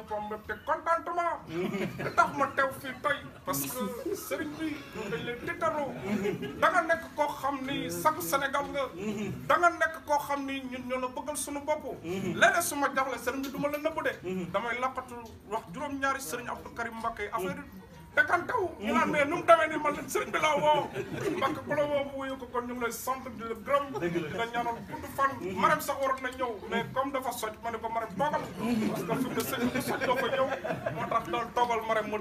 ñëpp am mbégte contentement. li tax ma tew fii tey parce que sëriñ bi dañ leen tiitaroo. da nekk koo xam ni sagu Sénégal nga. da nga nekk koo xam ni ñun ñoo la bëggal suñu bopp. léeg-léeg su ma jaxle sëriñ bi du ma la nëbb de. damay laqatu wax juróom-ñaari sëriñ Abdou Karim Mbacké affaire dakantaw ñu naan mais nu mu demee nii man la sëriñ bi la woo mbàkk ku ko kon ñu ngi sant di la gërëm di la ñaanal gudd fan maram sax waroon na ñëw mais comme dafa soj ma ne ko maram toogal parce que fi mu ne sëriñ bi soj doo ko ñëw moo tax daal toogal maram mu ki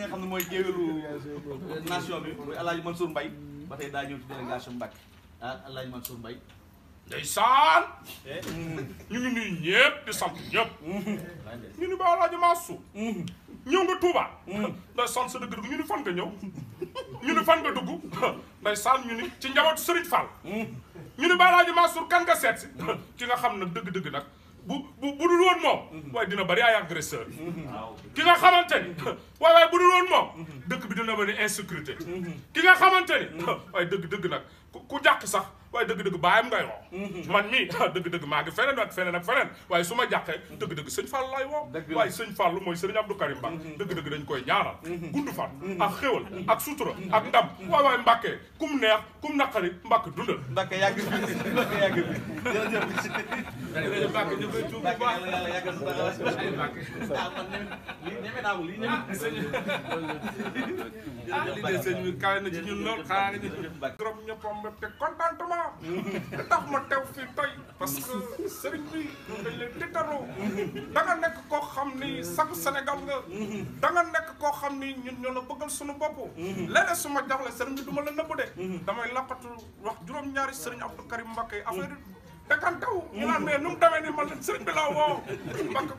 nga xam ne mooy jéewelu nation bi muy El Hadj Mansour Mbaye ba tey daa ñëw ci délégation Mbacke ah El Hadj Mansour ndeysaan eh? ñu ngi nuyu ñëpp di sant ñëpp ñu ni ba Alaaji Mansour ñëw nga Touba ndeysaan sa dëgg dugg ñu ni fan nga ñëw ñu ni fan nga dugg ndeysaan ñu ni ci njabootu Serigne Fall ñu ni ba Alaaji Mansour kan nga seet ki nga xam nag dëgg-dëgg nag bu bu bu dul woon moom waaye dina bari ay agresseur ki nga xamante ni waaye waaye bu dul woon moom dëkk bi dina bari insécurité ki nga xamante ni waaye dëgg-dëgg nag ku jàq sax waaye dëgg-dëgg baayam ngay woo mhm. man mii dëgg-dëgg maa ngi feneen ak feneen ak feneen waaye su ma jàqee dëgg-dëgg sëñ Fall laay woo waaye sëñ Fall mooy sëriñ Abdou Karim Ba mhm. dëgg-dëgg dañ koy ñaanal mhm. gudd fan a xéwal ak sutura ak ndam waaye waaye Mbàkke kum neex kum naqari Mbàkke dundal Mbàkke yàgg bi Mbàkke yàgg bi jërëjëf Mbàkke ñu koy tuub bu baax yàlla yàggal sa ah, man lii ah, na ci ñun lool mbégte contentement. li tax ma tew fii tey parce que sëriñ bi dañ leen tiitaroo. da nga nekk koo xam ni sax Sénégal nga. da nga nekk koo xam ni ñun ñoo la bëggal suñu bopp. léeg-léeg ma jaxle sëriñ bi du ma la nëbb de. damay laqatu wax juróom-ñaari sëriñ Abdou Karim Mbacké affaire dakantaw ñu naan mais nu mu demee nii man la sëriñ bi la woo mbakk ku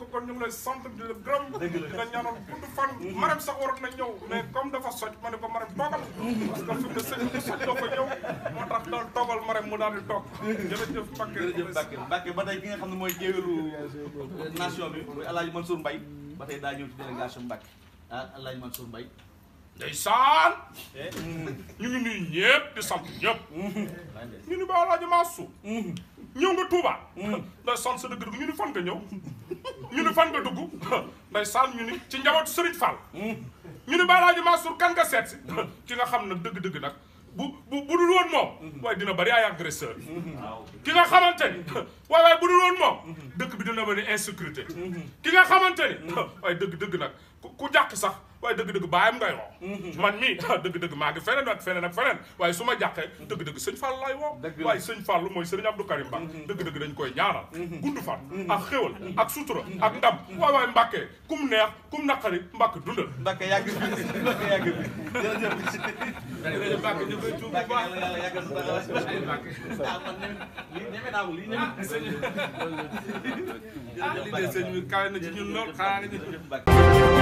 ko kon ñu ngi lay sant di la gërëm di la ñaanal gudd fan maram sax waroon na ñëw mais comme dafa soj ma ne ko maram toogal parce que mu ne sëriñ bi soj moo tax daal toogal maram mu daal di toog jërëjëf Mbacke jërëjëf Mbacke Mbacke ba tey ki nga xam ne mooy bi muy El Hadj Mansour Mbaye ba daa ñëw ci délégation Mbacke ah El Hadj Mansour ndeysaan eh? mm. ñu ngi nuyu ñëpp di sant ñëpp mm-hmm. ñu ni ba Alaaji Mansour mm-hmm. ñëw nga Touba mm-hmm. ndeysaan sa dëgg dugg ñu ni fan nga ñëw ñu ni fan nga dugg ndeysaan ñu ni ci njabootu Serigne Fall ñu ni ba Alaaji Mansour kan nga seet si ki nga xam nag dëgg-dëgg nag bu bu bu dul woon moom waaye dina bari ay agresseur ah, ki nga xamante ni waaye waaye bu dul woon moom dëkk bi dina bari insécurité ki nga xamante waaye dëgg-dëgg nag ku jàq sax waaye dëgg-dëgg baayam ngay woo mhm. man mii dëgg-dëgg maa ngi feneen ak feneen ak feneen waaye su ma jàqee mhm. dëgg-dëgg sëñ Fallou laay woo waaye sëñ Fallou mooy sëriñ Abdou Karim Ba mhm. dëgg-dëgg dañ koy ñaanal gudd fan ak xéwal ak sutura ak ndam waaye waaye Mbàkke kum neex kum naqari Mbàkke dundal Mbàkke yàgg bi Mbàkke yàgg bi jërëjëf Mbàkke ah, na lii sëñ